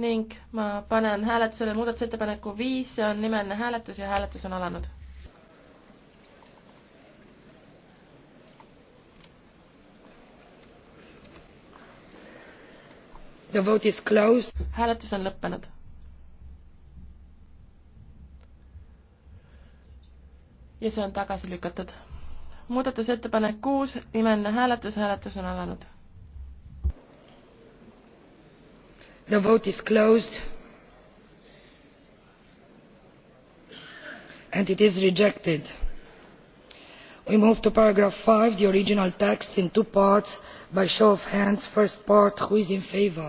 ning ma panen hääletusele muudatusettepaneku viis, see on nimeline hääletus ja hääletus on alanud. The vote is closed. hääletus on lõppenud. ja see on tagasi lükatud. muudatusettepanek kuus, nimeline hääletus, hääletus on alanud the vote is closed and it is rejected. we move to paragraph five the original text in two parts by show of hands first part who is in favour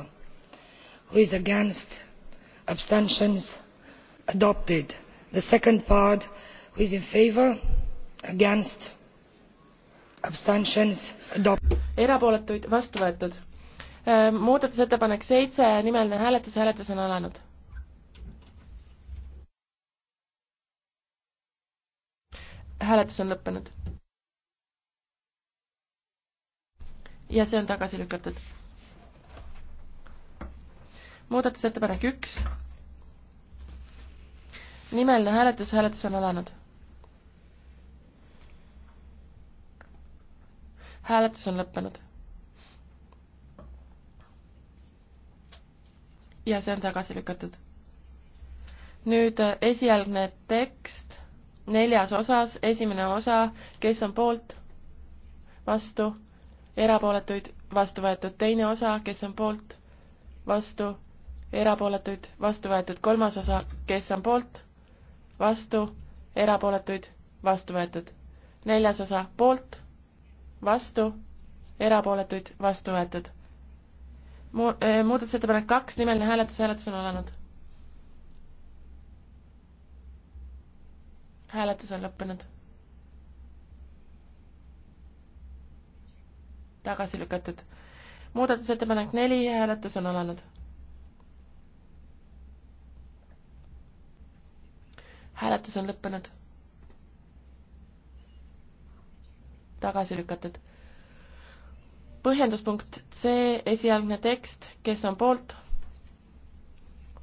who is against abstentions adopted the second part who is in favour against abstentions adopted erapooletuid vastu võetud Äh, muudatusettepanek seitse, nimeline hääletus, hääletus on alanud. hääletus on lõppenud. ja see on tagasi lükatud. muudatusettepanek üks. nimeline hääletus, hääletus on alanud. hääletus on lõppenud ja see on tagasi lükatud. nüüd äh, esialgne tekst neljas osas, esimene osa, kes on poolt, vastu, erapooletuid, vastu võetud, teine osa, kes on poolt, vastu, erapooletuid, vastu võetud, kolmas osa, kes on poolt, vastu, erapooletuid, vastu võetud, neljas osa, poolt, vastu, erapooletuid, vastu võetud mu-, äh, muudatusettepanek kaks, nimeline hääletus, hääletus on alanud. hääletus on lõppenud. tagasi lükatud. muudatusettepanek neli, hääletus on alanud. hääletus on lõppenud. tagasi lükatud põhjenduspunkt C, esialgne tekst, kes on poolt,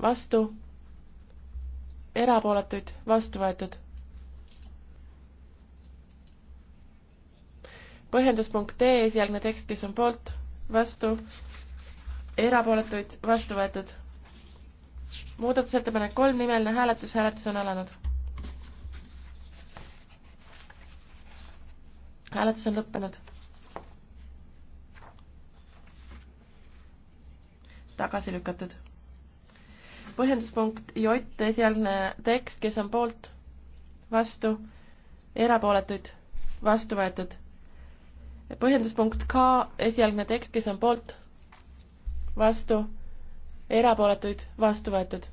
vastu, erapooletuid, vastu võetud. põhjenduspunkt D, esialgne tekst, kes on poolt, vastu, erapooletuid, vastu võetud. muudatusettepanek kolm, nimeline hääletus, hääletus on alanud. hääletus on lõppenud tagasi lükatud. põhjenduspunkt J, esialgne tekst, kes on poolt, vastu, erapooletuid, vastu võetud. põhjenduspunkt K, esialgne tekst, kes on poolt, vastu, erapooletuid, vastu võetud.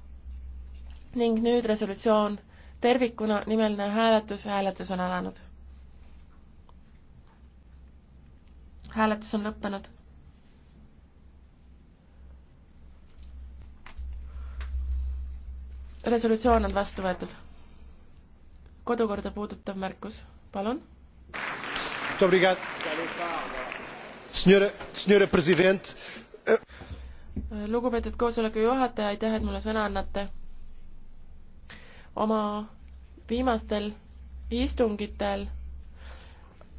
ning nüüd resolutsioon tervikuna, nimeline hääletus, hääletus on alanud. hääletus on lõppenud resolutsioon on vastu võetud. kodukorda puudutav märkus, palun. Eh, lugupeetud koosoleku juhataja, aitäh, et mulle sõna annate. oma viimastel istungitel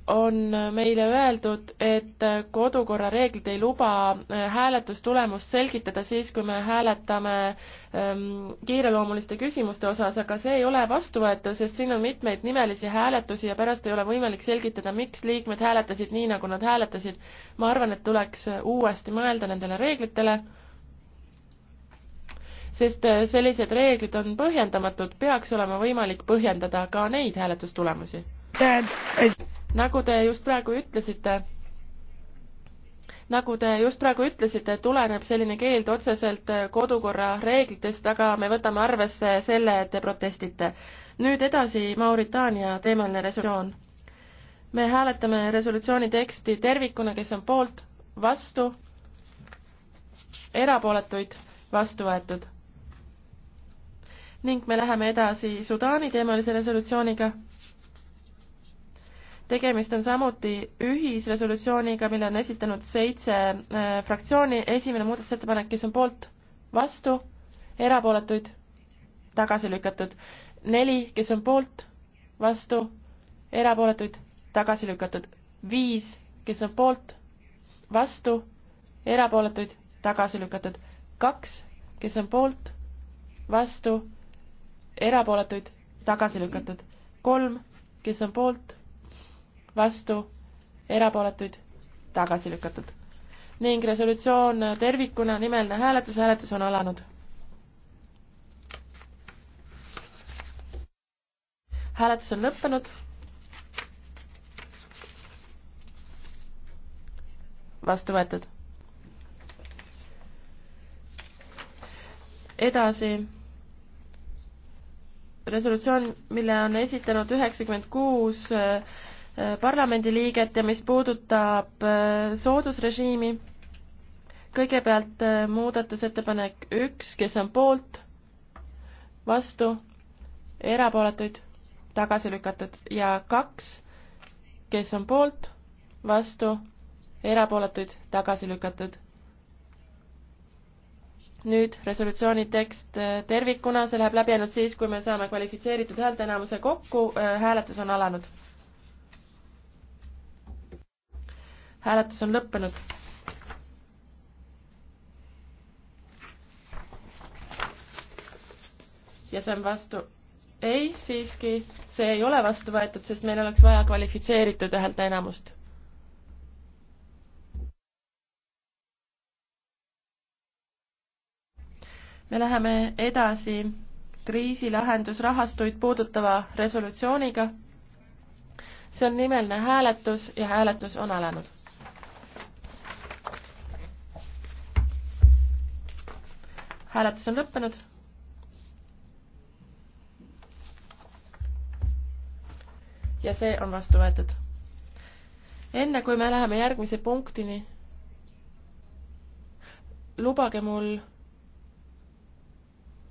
on meile öeldud, et kodukorra reeglid ei luba äh, hääletustulemust selgitada siis, kui me hääletame ähm, kiireloomuliste küsimuste osas, aga see ei ole vastuvõetav, sest siin on mitmeid nimelisi hääletusi ja pärast ei ole võimalik selgitada, miks liikmed hääletasid nii, nagu nad hääletasid. ma arvan, et tuleks äh, uuesti mõelda nendele reeglitele, sest äh, sellised reeglid on põhjendamatud, peaks olema võimalik põhjendada ka neid hääletustulemusi nagu te just praegu ütlesite, nagu te just praegu ütlesite, tuleneb selline keeld otseselt kodukorra reeglitest, aga me võtame arvesse selle, et te protestite. nüüd edasi Mauritaania teemaline resolutsioon. me hääletame resolutsiooni teksti tervikuna, kes on poolt, vastu, erapooletuid, vastu võetud. ning me läheme edasi Sudaani teemalise resolutsiooniga tegemist on samuti ühisresolutsiooniga, mille on esitanud seitse äh, fraktsiooni. esimene muudatusettepanek, kes on poolt, vastu, erapooletuid, tagasi lükatud. neli, kes on poolt, vastu, erapooletuid, tagasi lükatud. viis, kes on poolt, vastu, erapooletuid, tagasi lükatud. kaks, kes on poolt, vastu, erapooletuid, tagasi lükatud. kolm, kes on poolt vastu, erapooletuid, tagasi lükatud. ning resolutsioon tervikuna, nimeline hääletus, hääletus on alanud. hääletus on lõppenud. vastu võetud. edasi resolutsioon, mille on esitanud üheksakümmend kuus parlamendiliiget ja mis puudutab äh, soodusrežiimi, kõigepealt äh, muudatusettepanek üks, kes on poolt, vastu, erapooletuid, tagasi lükatud ja kaks, kes on poolt, vastu, erapooletuid, tagasi lükatud. nüüd resolutsiooni tekst äh, tervikuna, see läheb läbi ainult siis, kui me saame kvalifitseeritud häälteenamuse kokku, hääletus on alanud hääletus on lõppenud. ja see on vastu, ei, siiski, see ei ole vastu võetud, sest meil oleks vaja kvalifitseeritud häälteenamust me läheme edasi kriisilahendusrahastuid puudutava resolutsiooniga. see on nimeline hääletus ja hääletus on alanud. hääletus on lõppenud. ja see on vastu võetud. enne kui me läheme järgmise punktini, lubage mul